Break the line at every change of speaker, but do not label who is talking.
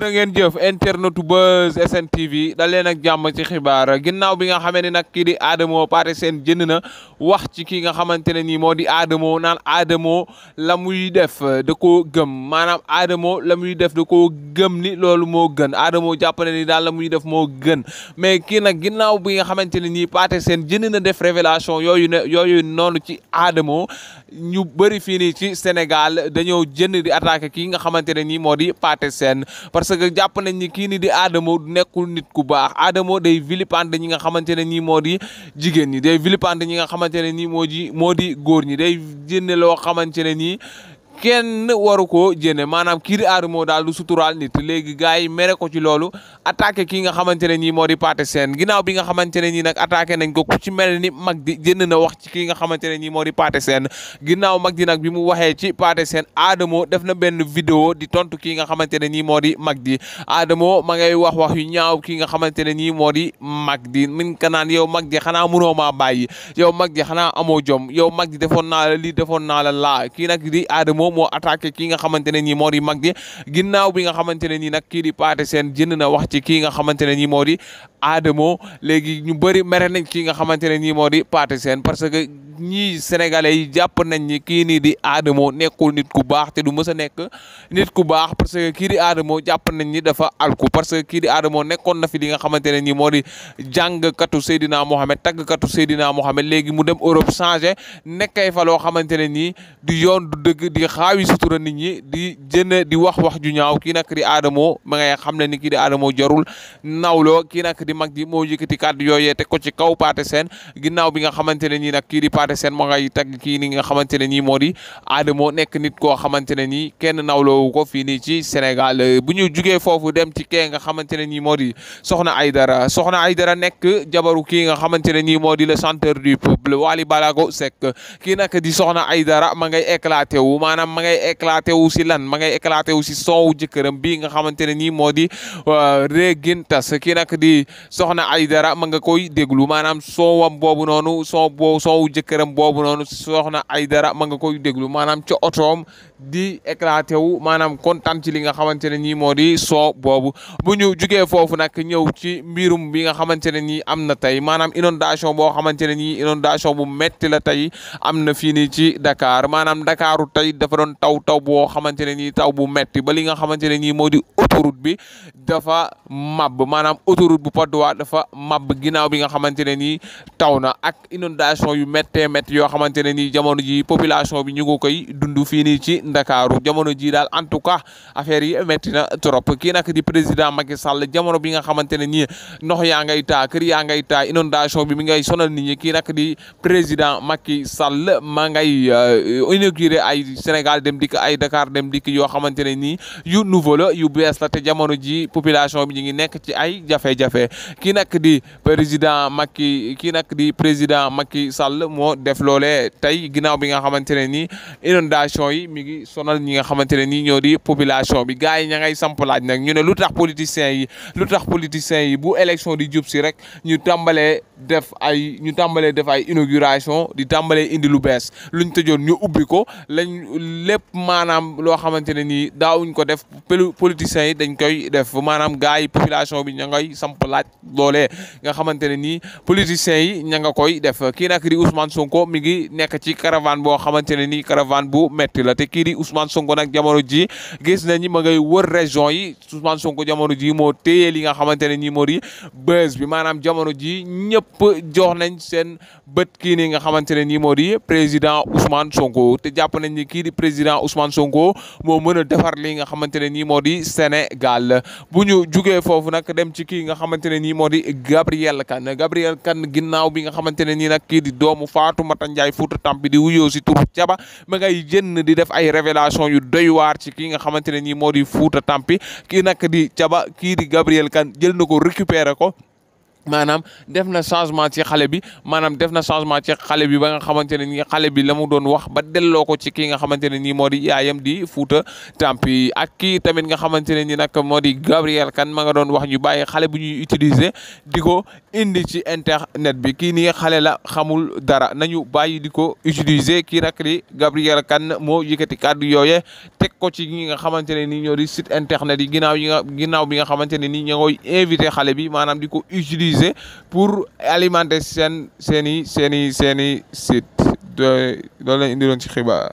jërë ngeen jëf internetu Buzz SNTV dal leen jàmm ci xibaar ginnaaw bi nga xamee ne nag kii di Adamo pare seen jënd na wax ci ki nga xamante ne nii moo di Adamo naan Adamo la muy def da koo gëm maanaam Adamo la muy def da koo gëm ni loolu moo gën Adamo jàpp na ni daal la muy def moo gën mais kii nag ginnaaw bi nga xamante ne nii pare seen jënd na def révélation yooyu ne yooyu noonu ci Adamo ñu bëri fii nii ci Sénégal dañoo jënd di attaqué kii nga xamante ne nii moo di Pathé Sène parce que jàpp nañ ni kii ni di Adamo nekkul nit ku baax Adamo day vilipande ñi nga xamante ne nii moo di jigéen ñi day vilipande ñi nga xamante ne nii moo di moo di góor ñi day jënd loo xamante ne nii kenn waru koo jëne maanaam Kiri Adamo daal du suturaal nit léegi gars yi mere ko ci loolu attaqué kii nga xamante ne nii moo di Pathé Sène ginnaaw bi nga xamante ne nii nag attaqué nañ ko ku ci mel ni mag di jënd na wax ci kii nga xamante ne nii moo di Pathé Sène ginnaaw mag di nag bi mu waxee ci Pathé seen Adamo def na benn vidéo di tontu kii nga xamante ne nii moo di mag di Adamo ma ngay wax wax yu ñaaw kii nga xamante ne nii moo di mag di min ka naan yow mag di xanaa mënoo maa bàyyi yow mag di xanaa amoo jom yow mag di defoon naa la lii defoon naa kii nag di Adamo moom moo attaqué kii nga xamante ne nii moo di mag di ginnaaw bi nga xamante ne nag kii di Pathé Sène jënd na wax ci nga xamante ne nii moo di Adamo léegi ñu bëri mere nañ nga xamante ne di Pathé Sène parce que ñii sénégalais yi jàpp nañ ni kii nii di Adamo nekkul nit ku baax te du mës a nekk nit ku baax parce que kii di Adamo jàpp nañ ni dafa alku parce que kii di Adamo nekkoon na fi li nga xamante ne nii moo di jàngkatu Seydina Mohamed tàggkatu Seydina Mohamed léegi mu dem Europe changé nekkay fa loo xamante ne nii di yoon du dëgg di xaawi sutura nit ñi di jënd di wax wax ju ñaaw kii nag di Adamo ma ngay xam ne ni kii di Adamo jarul nawloo kii nag di mag ji moo yëkkati kàddu yooyee te ko ci kaw paate seen ginnaaw bi nga xamante ne nii pare seen ma ngay tagg kii ni nga xamante ne nii Adamo nekk nit koo xamante ne kenn nawloowu ko fii nii ci Sénégal bu ñu jugee foofu dem ci kee nga xamante ne nii moo di Soxna Aydara Soxna Aydara nekk jabaru kii nga xamante ne nii moo di le chanteur du peuple Wally Balago Seck kii nag di Soxna Aydara ma ngay éclaté wu maanaam ma ngay wu si lan ma ngay éclaté wu si sonwu jëkkëram bii nga xamante ne nii moo di euh, régintas kii nag di Soxna Aydara ma nga koy déglu maanaam sonwam boobu noonu son jëkkëram boobu noonu soxna ay dara ma nga koy déglu maanaam ca otoom di éclaté wu maanaam kontaan ci li nga xamante ne nii moo di soo boobu bu ñu jugee foofu nag ñëw ci mbirum bi nga xamante ne nii am na tey maanaam inondation boo xamante ne nii inondation bu metti la tey am na fii nii ci Dakar maanaam Dakaru tey dafa doon taw taw boo xamante ne nii taw bu metti ba li nga xamante ne nii moo di autoroute bi dafa mab maanaam autoroute bu Patte dafa mab ginnaaw bi nga xamante ne taw na ak inondation yu méttee métti yoo xamante ne nii jamono ji population bi ñu ngi koy dund fii nii ci Ndakaaru jamono ji daal en tout cas affaire yi métti na trop kii nag di président Macky Sall bi nga xamante ne nii ndox yaa ngay taa kër yaa ngay taa inondation bi mi ngay sonal nit ñi kii di président Macky Sall ma ngay euh, inauguré ay Sénégal dem dikk ay Dakar dem dikk yoo xamante ne nii yu nouveau la yu bees la te jamono ji population bi ñu ngi nekk ci ay jafe-jafe kii nag di président Macky kii di président Macky Sall moo def loolee tey ginnaaw bi nga xamante ne nii inondation yi mi ngi sonal ñi nga xamante ne nii ñoo di population bi gars yi ña ngay samp laaj nag ñu ne lu tax politiciens yi lu tax politiciens yi bu élection di jub si rek ñu tàmbalee def ay ñu tàmbalee def ay inauguration di tàmbalee indi lu bees luñ tëjoon ñu ubbi ko lañ lépp maanaam loo xamante ne nii daawuñ ko def politiciens yi dañ koy def maanaam gars yi population bi ña ngay samp laaj loolee nga xamante ne nii yi ña koy def kii nag di Ousmane Sonko mi ngi nekk ci caravane boo xamante ne ni caravane bu metti la te kii di Ousmane Sonko nag jamono ji gis nañu ma ngay wër région yi Ousmane Sonko jamono ji moo téye li nga xamante ne nii moo di bës bi maanaam jamono ji ñëpp jox nañ seen bët kii nii nga xamante ne nii moo di président Ousmane Sonko te jàpp nañ ni kii di président Ousmane Sonko moo mën a defar li nga xamante ne nii moo di Sénégal bu ñu jugee foofu nag dem ci kii nga xamante ne nii moo di Gabriel Kane Gabriel Kane ginnaaw bi nga xamante ne nii nag kii di doomu faa Fatoumata Ndiaye Fouta Tampi di wuyoo si turu Thiaba ma ngay jënn di def ay révélation yu doy waar ci ki nga xamante ne nii moo di Fouta Tampi kii nag di Thiaba kii di Gabriel Kane jël na ko récupéré ko maanaam def na changement ci xale bi maanaam def na changement ci xale bi ba nga xamante ne nii xale bi la mu doon wax ba delloo ko ci kii nga xamante ne nii moo di yaayam di Fouta Tampi ak kii tamit nga xamante ne nii nag moo di Gabriel kan ma nga doon wax ñu bàyyi xale bu ñuy utiliser di ko indi ci internet bi kii nii xale la xamul dara nañu bàyyi di ko utiliser kii nag di Gabriel Kane moo yëkkati kàddu yooyee teg ko ci ñi nga xamante ne nii ñoo di site internet yi ginnaaw yi nga ginnaaw bi nga xamante ne nii ña ngoy invité xale bi maanaam di ko utiliser pour alimenter seen seen i seen i seen i site loolu lañ indiloon ci xibaar.